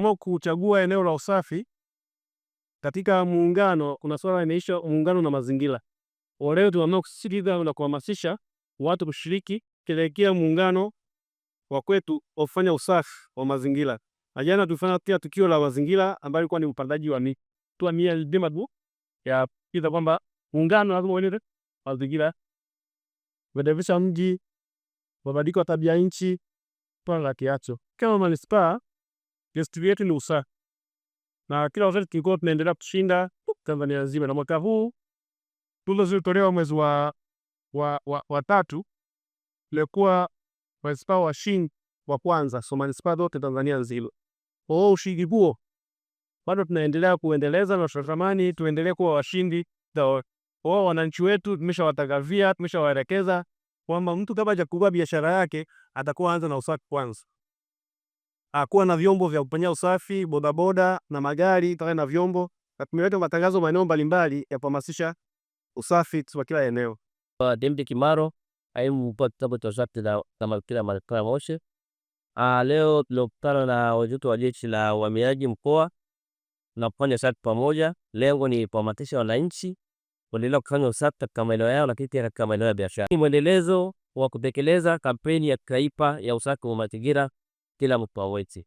Kama kuchagua eneo la usafi katika muungano, kuna swala linaisha muungano na mazingira. Leo tunaamua kusisitiza na kuhamasisha watu kushiriki kuelekea muungano wa kwetu wa usafi wa mazingira. Na jana tulifanya pia tukio la mazingira ambayo ilikuwa ni upandaji wa miti. tu mia bima tu ya kiza kwamba muungano lazima uende mazingira. Kuendeleza mji, mabadiliko ya tabia nchi, panga kiacho. Kama manispaa desturi yetu ni Usa. na kila wakati tulikuwa tunaendelea kushinda Tanzania nzima, na mwaka huu tuzo zilitolewa mwezi wa, wa, wa, wa tatu tulikuwa manispaa washindi wa kwanza, so manispaa zote Tanzania nzima. Kwa hiyo ushindi huo bado tunaendelea kuendeleza na tunatamani tuendelee kuwa washindi kwa wananchi wetu. Tumeshawatangazia, tumeshawaelekeza kwamba mtu kabla hajakuwa biashara yake atakuwa anza na usafi kwanza. Ah, kuwa na vyombo vya kufanyia usafi, bodaboda na magari pamoja na vyombo, na tumeweka matangazo maeneo mbalimbali ya kuhamasisha usafi wa kila eneo. David Kimaro aimupa kitabu cha usafi kama kila mara moshi. Ah, leo tulikutana na wajuto wa jeshi la uhamiaji mkoa na kufanya usafi pamoja. Lengo ni kuhamasisha wananchi kuendelea kufanya usafi katika maeneo yao, lakini pia katika maeneo ya biashara. Ni mwendelezo wa kutekeleza kampeni ya kitaifa ya usafi wa mazingira kila mtu aweze.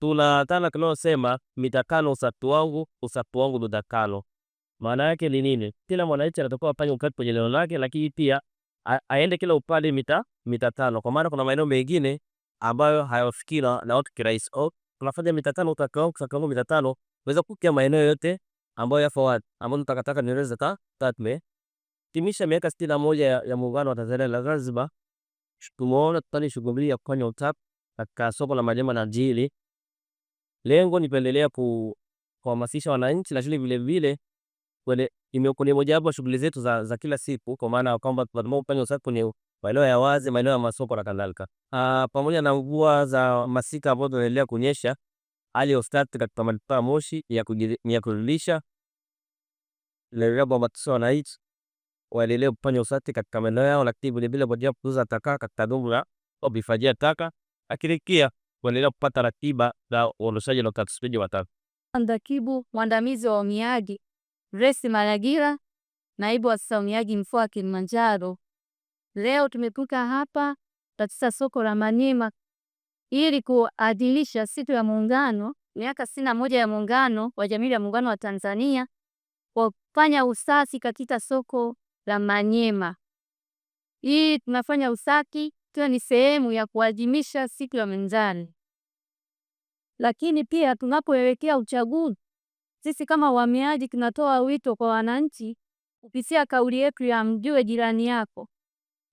Tuna tana Tunatana tunaosema mitakano usatu wangu, usatu wangu mitakano. Maana yake ni nini? Kila mwananchi anatakiwa afanye ukati kwenye eneo lake, lakini pia aende kila upande mita mita tano, kwa maana kuna maeneo mengine ambayo hayafikiwa na watu kirahisi. Au oh, tunafanya mita tano, utakao kusakao mita tano waweza kukia maeneo yote ambayo yafa watu ambao tutakataka nieleze ta tatme timisha miaka 61 ya, ya muungano wa Tanzania na Zanzibar. Tumeona tutani shughuli ya kufanya utap katika soko la majema na jili. Lengo ni kuendelea kuhamasisha wananchi, na shule vile vile moja mojawapo shughuli zetu za, za kila siku, kwa maana kwamba tunatumia kufanya usafi kwenye maeneo ya wazi, maeneo ya masoko na kadhalika. Ah, Pamoja na mvua za masika ambazo zinaendelea kunyesha, hali ya ustati katika manispaa Moshi ya ni ya kuridhisha. Tunahamasisha wananchi waendelee kufanya usafi katika maeneo yao, lakini vile vile vilevile kuuza taka katika dumu la kuhifadhia taka lakini pia kuendelea kupata ratiba za uondoshaji na utafutaji wa taka. Mrakibu mwandamizi wa uamiaji Grace Maragira, naibu afisa uamiaji mkoa wa Kilimanjaro, leo tumefika hapa katika soko la Manyema ili kuadhimisha siku ya Muungano, miaka sitini na moja ya Muungano wa Jamhuri ya Muungano wa Tanzania, kwa kufanya usafi katika soko la Manyema. Hii tunafanya usafi ikiwa ni sehemu ya kuadhimisha siku ya Menjani. Lakini pia tunapoelekea uchaguzi, sisi kama wahamiaji tunatoa wito kwa wananchi kupitia kauli yetu ya mjue jirani yako,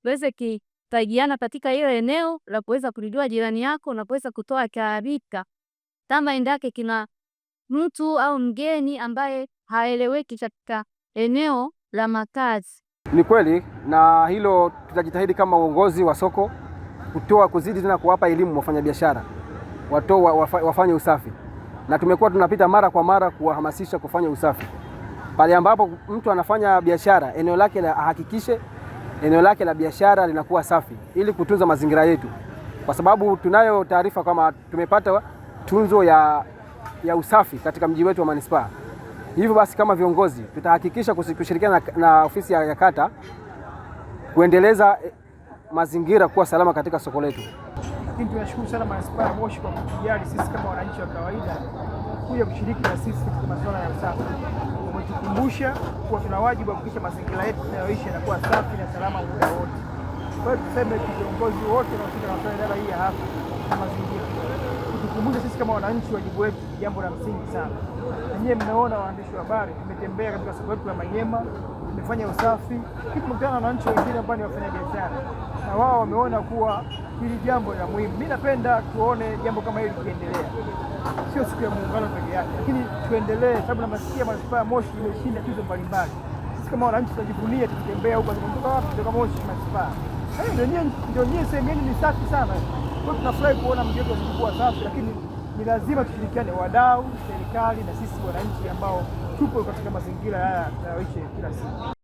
tuweze kusaidiana katika ile eneo la kuweza kulijua jirani yako na kuweza kutoa taarifa kama endake kina mtu au mgeni ambaye haeleweki katika eneo la makazi. Ni kweli na hilo tutajitahidi kama uongozi wa soko kutoa kuzidi tena kuwapa elimu wafanyabiashara wa, wafanye usafi, na tumekuwa tunapita mara kwa mara kuwahamasisha kufanya usafi pale ambapo mtu anafanya biashara, eneo lake la ahakikishe eneo lake la biashara linakuwa safi ili kutunza mazingira yetu, kwa sababu tunayo taarifa kama tumepata tunzo ya, ya usafi katika mji wetu wa manispaa. Hivyo basi kama viongozi tutahakikisha kushirikiana na, ofisi ya, ya kata kuendeleza eh, mazingira kuwa salama katika soko letu. Lakini tunashukuru sana manispaa ya Moshi kwa kujali sisi kama wananchi wa kawaida kuja kushiriki na sisi katika masuala ya usafi. Umetukumbusha kuwa tuna wajibu wa kuhakikisha mazingira yetu tunayoishi yanakuwa safi na salama muda wote. Kwa hiyo tuseme viongozi wote wanaohusika na masuala ya idara hii ya afya wananchi, wajibu wetu ni jambo la msingi sana. Nanyiwe mmeona waandishi wa habari, tumetembea katika soko letu la Manyema, tumefanya usafi, tumekutana na wananchi wengine ambao ni wafanyabiashara, na wao wameona kuwa hili jambo la muhimu. Mimi napenda tuone jambo kama hili likiendelea, sio siku ya Muungano peke yake, lakini tuendelee, sababu namasikia manispaa ya Moshi imeshinda tuzo mbalimbali. Sisi kama wananchi tunajivunia tukitembea huko, tunatoka wapi? Kutoka Moshi manispaa ndio nyewe sehemu yenu ni safi sana. Kwa tunafurahi kuona mji wetu ulikuwa safi, lakini ni lazima tushirikiane, wadau, serikali na sisi wananchi ambao tupo katika mazingira haya tunayoishi kila siku.